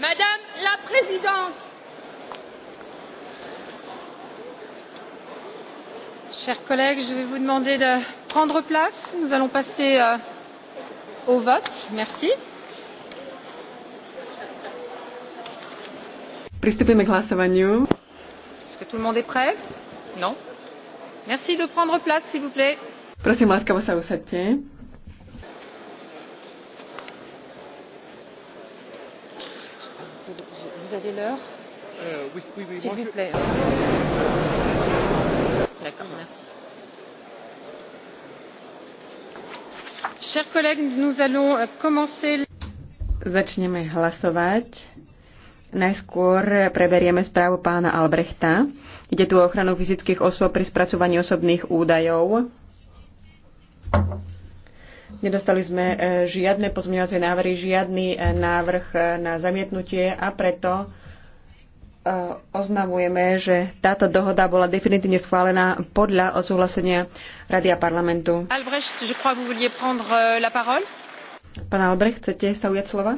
Madame la Présidente, chers collègues, je vais vous demander de prendre place. Nous allons passer euh, au vote. Merci. Pristupujeme k hlasovaniu. Est-ce que tout le monde est prêt Non Merci de prendre place, s'il vous plaît. Prosím, láskavo sa usadte. vous avez l'heure euh, s'il vous plaît. D'accord, merci. Chers collègues, nous allons euh, commencer. Začneme hlasovať. Najskôr eh, preberieme správu pána Albrechta. Ide tu o ochranu fyzických osôb pri spracovaní osobných údajov. Nedostali sme e, žiadne pozmeňovacie návrhy, žiadny e, návrh e, na zamietnutie a preto oznamujeme, že táto dohoda bola definitívne schválená podľa odsúhlasenia Rady a parlamentu. Albrecht, je crois, vous vouliez prendre la parole. Pán Albrecht, chcete sa ujať slova?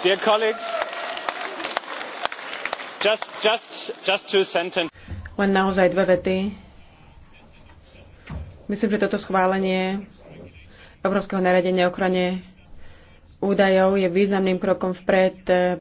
Dear colleagues, just, just, just two sentences. Len naozaj dve vety Myslím, že toto schválenie Európskeho nariadenia ochrane údajov je významným krokom vpred